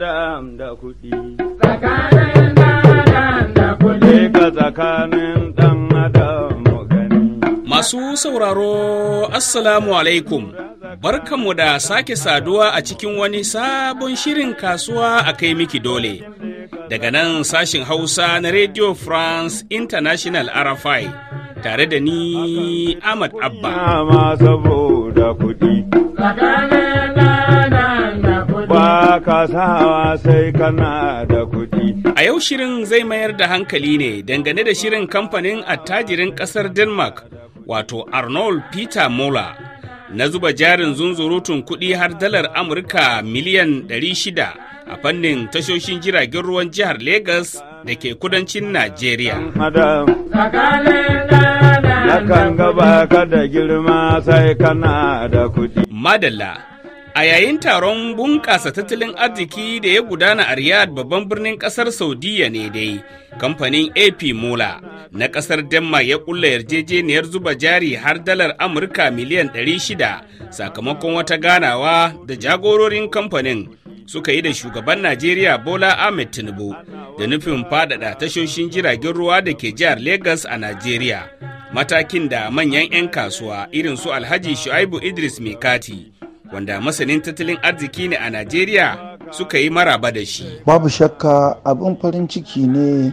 da'am da kuɗi. Tsakanin Masu sauraro, Assalamu alaikum. Barkanmu da sake saduwa a cikin wani sabon shirin kasuwa a kai miki dole. Daga nan sashin Hausa na Radio France International RFI tare da ni Ahmad Abba. saboda da kuɗi. A yau shirin zai mayar da hankali ne dangane da shirin kamfanin attajirin ƙasar Denmark wato Arnold Peter muller na zuba jarin zunzurutun kuɗi har dalar Amurka miliyan 600 a fannin tashoshin jiragen ruwan jihar lagos da ke kudancin Najeriya. Madalla A yayin taron bunƙasa tattalin arziki da ya gudana a Riyadh babban birnin ƙasar Saudiya ne dai, kamfanin AP Mola na ƙasar Denmark ya ƙulla yarjejeniyar zuba jari har dalar Amurka miliyan 600 sakamakon wata ganawa da jagororin kamfanin suka yi da shugaban Najeriya Bola Ahmed Tinubu da nufin faɗaɗa tashoshin jiragen ruwa da ke jihar Legas a Najeriya. Matakin da manyan 'yan kasuwa irin su Alhaji Shu'aibu Idris Mekati. wanda masanin tattalin arziki ne a Najeriya suka yi maraba da shi. Babu shakka abin farin ciki ne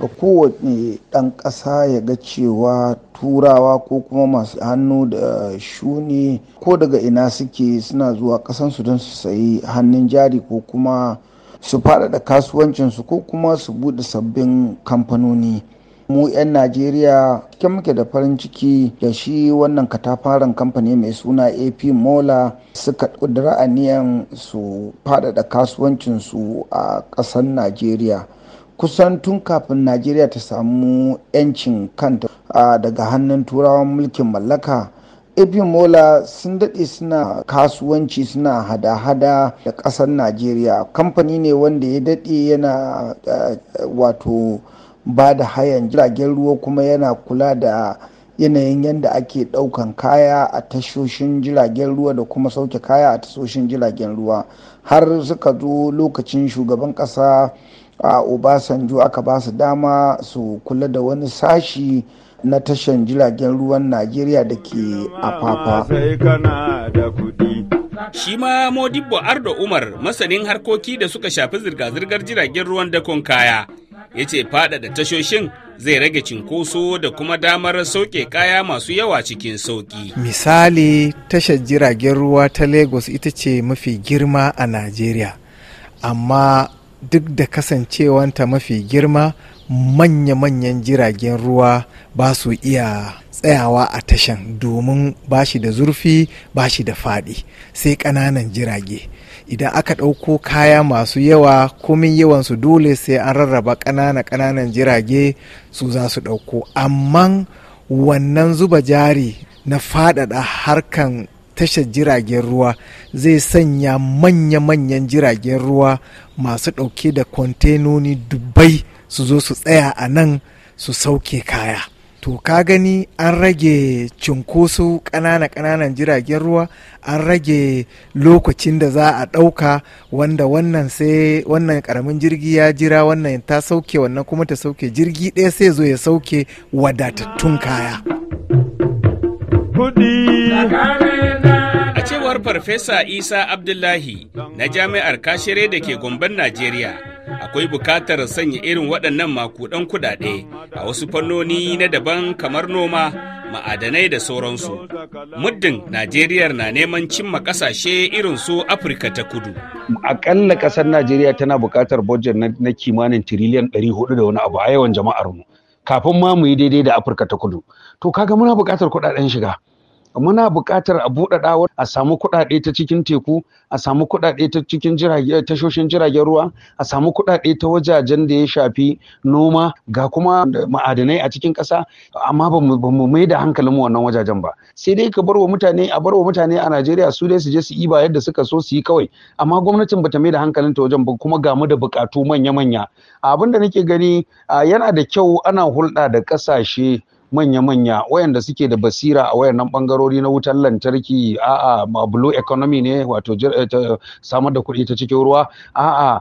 ga kowane ɗan ƙasa ya ga cewa turawa ko kuma masu hannu da shuni ko daga ina suke suna zuwa ƙasansu don su sayi hannun jari ko kuma su faɗaɗa kasuwancinsu ko kuma su buɗe sabbin kamfanoni. mu 'yan najeriya kyan muke da farin ciki da shi wannan katafaren kamfani mai suna ap mola suka a aniyan su faɗaɗa kasuwancinsu a ƙasar najeriya kusan tun kafin najeriya ta samu 'yancin kanta daga hannun turawan mulkin mallaka ap mola sun daɗe suna kasuwanci suna hada-hada da ƙasar najeriya kamfani ne wanda ya daɗe yana wato ba da hayan jiragen ruwa kuma yana kula da yanayin yadda ake ɗaukan kaya a tashoshin jiragen ruwa da kuma sauke kaya a tashoshin jiragen ruwa har suka zo lokacin shugaban kasa a obasanjo aka ba su dama su kula da wani sashi na tashan jiragen ruwan najeriya da ke afafa shi ma modibbo ardo umar masanin harkoki da suka shafi zirga-zirgar jiragen ruwan dakon kaya ya ce faɗaɗa tashoshin zai rage cinkoso da kuma damar sauke kaya masu yawa cikin sauƙi. Misali, tashar jiragen ruwa ta Lagos ita ce mafi girma a Najeriya, amma duk da kasancewanta mafi girma manya-manyan jiragen ruwa ba su iya tsayawa a tashan domin ba shi da zurfi ba shi da faɗi sai ƙananan jirage idan aka ɗauko kaya masu yawa komin yawansu dole sai an rarraba ƙanana ƙananan jirage su za su ɗauko amma wannan zuba jari na faɗaɗa harkan tashar jiragen ruwa zai sanya manya-manyan jiragen ruwa masu ɗauke da kwantenoni dubbai su zo su tsaya a nan su sauke kaya. to ka gani an rage cinkoso ƙanana-ƙananan jiragen ruwa an rage lokacin da za a ɗauka wanda wannan sai wannan ƙaramin jirgi ya jira wannan ta sauke wannan kuma ta sauke jirgi ɗaya sai zo ya sauke wadatattun kaya a cewar farfesa isa abdullahi na jami'ar kashere da ke gomban najeriya akwai bukatar sanya irin waɗannan makudan kuɗaɗe a wasu fannoni na daban kamar noma ma'adanai da sauransu muddin najeriya na neman cimma ƙasashe irin su afirka ta kudu akalla ƙasar najeriya tana bukatar budget na kimanin tiriliyan ɗari 400 da wani abu a yawan jama'ar mu kafin ma mu yi daidai da afirka ta kudu to kaga muna bukatar kuɗaɗen shiga muna buƙatar a buɗaɗa a samu kuɗaɗe ta cikin teku a samu kuɗaɗe ta cikin tashoshin jiragen ruwa a samu kuɗaɗe ta wajajen da ya shafi noma ga kuma ma'adanai a cikin ƙasa amma ba mu mai da hankalin mu wannan wajajen ba sai dai ka barwa mutane a barwa mutane a Najeriya su dai su je su yi ba yadda suka so su yi kawai amma gwamnatin bata mai da hankalin ta wajen ba kuma ga mu da buƙatu manya-manya abin da nake gani yana da kyau ana hulɗa da ƙasashe manya-manya wayanda suke da basira a wayannan bangarori na wutar lantarki a'a blue economy ne wato eh, samar da kuɗi ta cikin ruwa a'a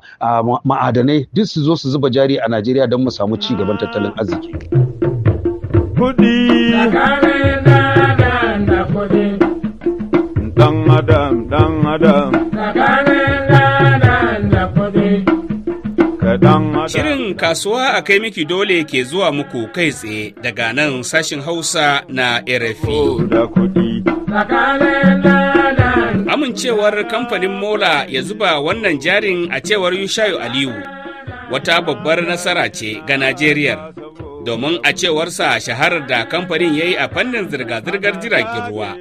ma'adanai duk su zo su zuba jari a Najeriya don mu samu ci gaban tattalin arziki. Kuɗi. Dan adam, dan adam. Shirin kasuwa a kai miki dole ke zuwa muku kai tsaye daga nan sashin Hausa na RFI. Amincewar kamfanin Mola ya zuba wannan jarin a cewar Yushayu Aliyu wata babbar nasara ce ga Najeriya. Domin a cewarsa shaharar da kamfanin ya yi a fannin zirga-zirgar jiragen ruwa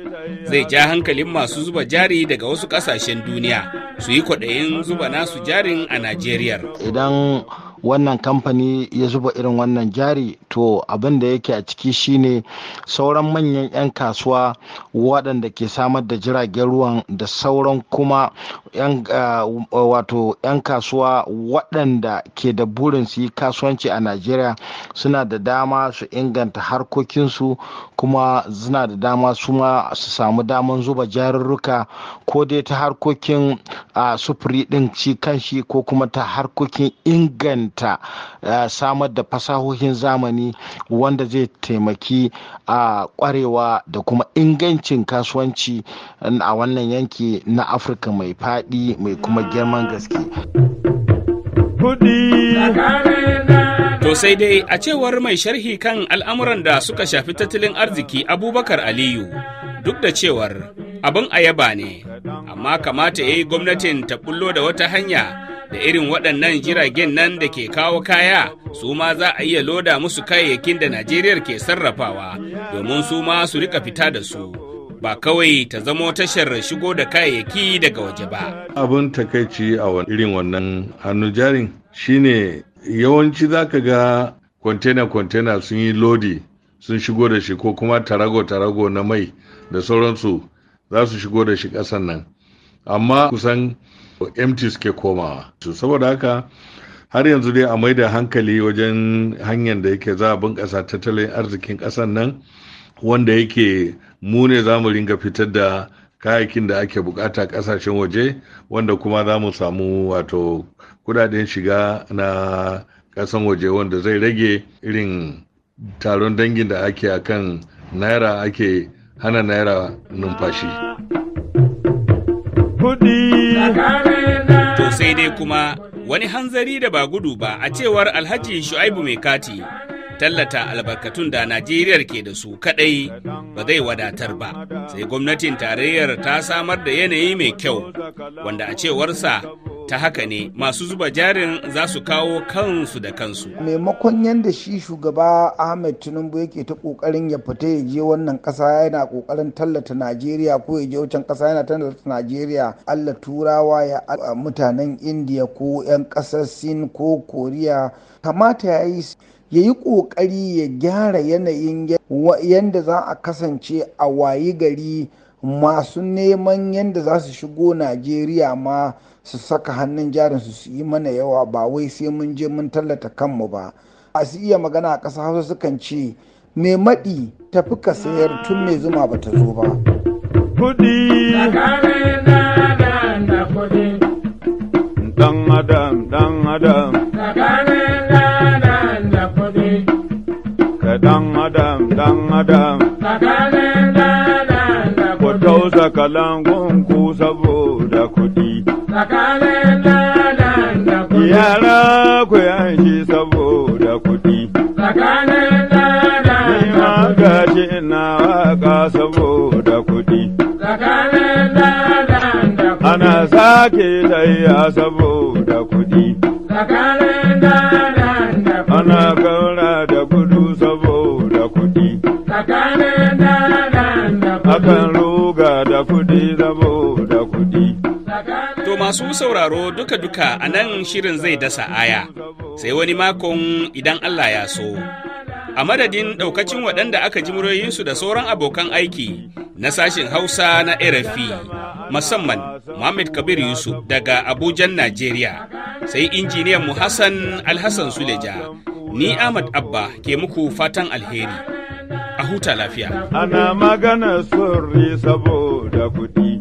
zai ja hankalin masu zuba jari daga wasu kasashen duniya su yi kwaɗayin zuba nasu jarin a Najeriya. Idan wannan kamfani ya zuba irin wannan jari to abin da yake a ciki shine sauran manyan 'yan kasuwa waɗanda ke samar da jiragen ruwan da sauran kuma 'yan ah, wato 'yan kasuwa waɗanda ke da burin su yi kasuwanci a najeriya suna da dama su inganta harkokinsu kuma suna da dama su ma su samu daman zuba jarurruka ko dai ta harkokin ah, sufuri ɗin shi kanshi, ko kuma ta harkokin inganta inganta eh, samar da fasahohin zamani wanda zai taimaki a kwarewa da kuma ingancin kasuwanci eh, a wannan yanki na afirka mai faɗi mai kuma girman gaske To sai dai a cewar mai sharhi kan al'amuran da suka shafi tattalin arziki abubakar aliyu duk da cewar abin ayaba ne amma kamata ya yi gwamnatin ta bullo da wata hanya da irin waɗannan jiragen nan da ke kawo kaya su ma za a iya loda musu kayayyakin da Najeriya ke sarrafawa domin su ma su rika fita da su. Ba kawai ta zamo tashar shigo da kayayyaki daga waje ba. Abin takaici a irin wannan hannu jarin shine yawanci za ka ga kwantena-kwantena sun yi lodi sun shigo da shi ko kuma tarago-tarago na mai da sauransu za su shigo da shi ƙasan nan. amma kusan empty suke komawa saboda haka har yanzu dai a mai da hankali wajen hanyar da yake za a bunƙasa tattalin arzikin ƙasar nan wanda yake mu ne za mu ringa fitar da kayayyakin da ake bukata ƙasashen waje wanda kuma za mu samu wato kudaden shiga na ƙasan waje wanda zai rage irin taron dangin da ake akan naira ake hana naira numfashi. kuɗi. To sai dai kuma wani hanzari da ba gudu ba a cewar Alhaji Shu'aibu mai kati tallata albarkatun da Najeriya ke da su kadai ba zai wadatar ba sai gwamnatin tarayyar ta samar da yanayi mai kyau wanda a cewarsa ta haka ne masu zuba jarin za su kawo kansu da kansu maimakon yadda shi shugaba ahmed tinubu yake ta kokarin ya fita ya je wannan kasa yana kokarin tallata najeriya ko ya je wancan kasa yana tallata najeriya allah turawa ya mutanen indiya ko 'yan kasar sin ko koriya kamata ya yi ya yi kokari ya gyara yanayin yadda za a kasance a wayi gari masu neman yadda za su shigo najeriya ma su saka hannun jarin su yi mana yawa ba wai sai mun je mun tallata kanmu ba su iya magana a ƙasa hausa sukan ce me maɗi tafi ka sayar tun mai zuma ba ta zo ba Dan adam, dan adam. dan dan adam, dan adam. langon ku saboda kuɗi. Tsakanin lalan da kuɗi. Yara ku yanshi saboda kuɗi. Tsakanin lalan da kuɗi. gashi ina waka saboda kuɗi. Tsakanin lalan da kuɗi. Ana sake tayya saboda kuɗi. Tsakanin lalan da kuɗi. Ana kaura da gudu saboda kuɗi. Tsakanin lalan da kuɗi. da da kudi. To masu sauraro duka-duka a nan shirin zai dasa aya, sai wani makon idan Allah ya so. A madadin ɗaukacin waɗanda aka ji muryoyinsu da sauran abokan aiki na sashin Hausa na RFI, musamman Muhammad Kabir Yusuf daga Abujan, Najeriya, sai injiniyan mu Hassan Alhassan Suleja, ni Ahmad Abba ke muku fatan alheri. a huta lafiya. Ana magana sirri saboda kuɗi.